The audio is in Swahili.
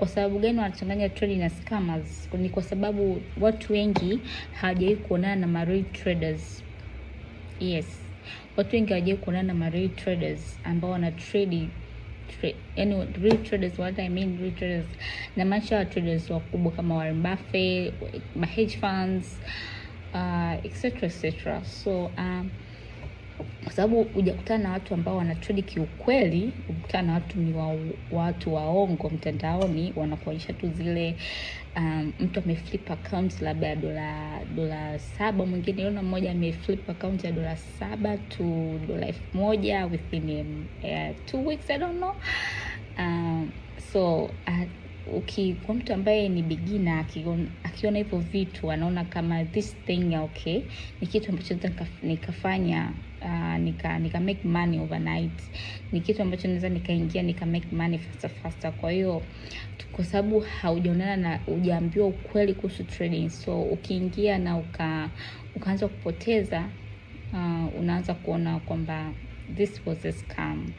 Kwa sababu gani wanachanganya trade na scammers? Ni kwa sababu watu wengi hawajawahi kuonana na marei traders. Yes, watu wengi hawajawahi kuonana na marei traders ambao wana trade yani, real traders, what I mean real traders, na maisha ya traders wakubwa kama Warren Buffett, ma hedge funds, uh, etc etc so um, kwa sababu hujakutana na watu ambao wanatrade kiukweli. Ukutana na watu ni wa, watu waongo mtandaoni, wanakuonyesha tu zile um, mtu ameflip account labda ya dola dola saba, mwingine yule mmoja ameflip account ya dola saba to dola elfu moja within um, uh, two weeks I don't know um, so uh, uki kwa mtu ambaye ni beginner akiona hivyo vitu anaona kama this thing okay, ni kitu ambacho nikafanya Uh, nika nika make money overnight, ni kitu ambacho naweza nikaingia nika make money faster faster. Kwa hiyo kwa sababu haujaonana na hujaambiwa ukweli kuhusu trading, so ukiingia na uka ukaanza kupoteza, uh, unaanza kuona kwamba this was a scam.